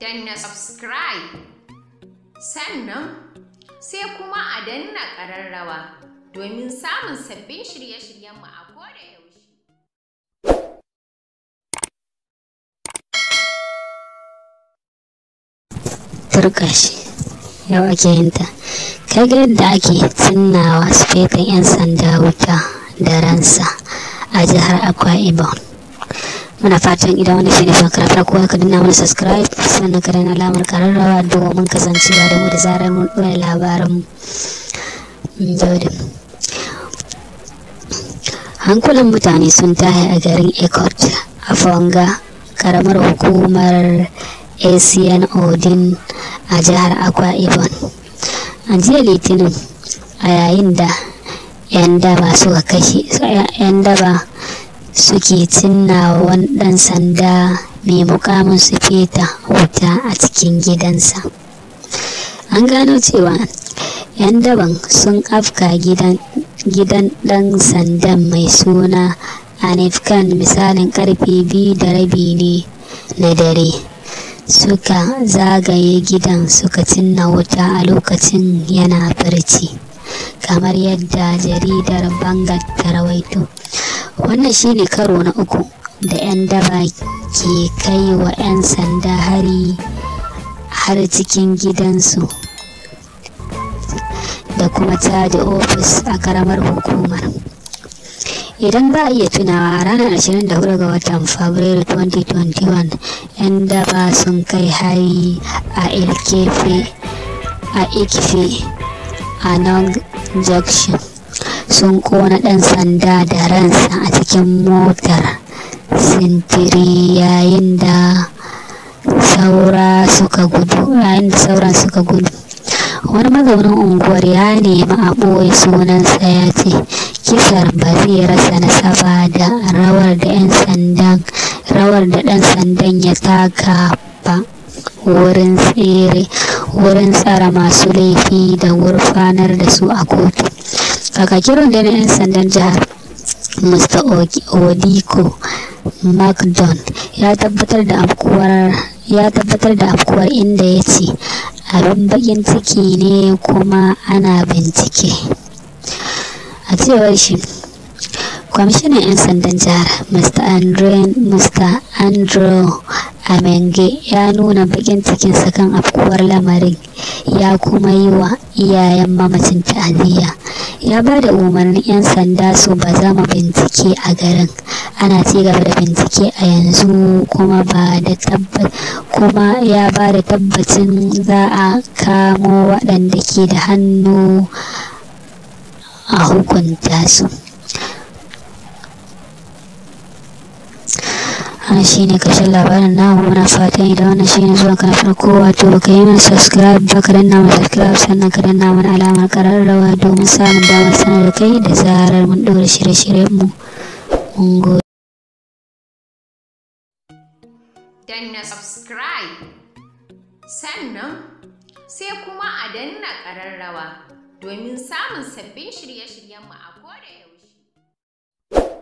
danna subscribe sannan sai kuma a danna ƙararrawa domin samun sabbin shirye-shiryenmu a koda yaushe. Turka shi, yau ake yinta. Kai yadda ake cinnawa fetan 'yan sanda wuta da ransa a jihar Akwa Ibom. muna fatan idan wani shine fakar farko ka dinna mana subscribe sannan ka dana alamar kararrawa domin kasancewa da mu da zarar mun labarin labaran hankulan mutane sun tahi a garin Ekot a Fonga karamar hukumar ACN Odin a jihar Akwa Ibom a jiya Litinin a yayin da 'yan daba ka kashe 'yan daba suke cinna wani ɗan sanda mai mukamin su feta wuta a cikin gidansa an gano cewa 'yan daban sun afka gidan ɗan sandan mai suna anifkan misalin karfe biyu da rabi ne na dare suka zagaye gidan suka cinna wuta a lokacin yana farci kamar yadda jaridar bangar ta rawaito wannan shine karo na uku da 'yan daba ke kai wa 'yan sanda hari har cikin gidansu da kuma caji ofis a karamar hukumar idan ba a iya tunawa a ranar 24 ga watan fabrairu 2021 'yan daba sun kai hari a ilkefe a ikfe a junction sun kona ɗan sanda da ransa a cikin motar sintiri yayin da saura suka gudu yayin da sauran suka gudu wani mazaunin unguwar ya nemi a ɓoye sunansa ya ce kisar ba zai rasa nasaba da rawar da 'yan sandan rawar da ɗan sandan ya taka ba wurin tsere wurin tsara masu laifi da gurfanar da su a kotu kakakin rundunar 'yan sandan jihar mr odiko macdon ya tabbatar da afkuwar ya inda ya ce abin bakin ciki ne kuma ana bincike a cewar shi kwamishinan 'yan sandan jihar mr andrew, mr. andrew amenge ya nuna bakin cikinsa kan afkuwar lamarin ya kuma yi wa iyayen mamacin ta'aziyya ya ba da umarnin 'yan sanda su ba za mu bincike a garin ana ci gaba da bincike a yanzu kuma ba da tabbat kuma ya ba da tabbacin za a kamo waɗanda ke da hannu a hukunta su wannan shine karshen labarin namu muna fatan idan wannan shine zuwan ka na farko wato ka yi mana subscribe ba ka danna mana subscribe sannan ka danna mana alamar kararrawa domin samun damar sanar da kai da zarar mun ɗora shirye-shiryen mu mun gode danna subscribe sannan sai kuma a danna kararrawa domin samun sabbin shirye shiryen mu a koda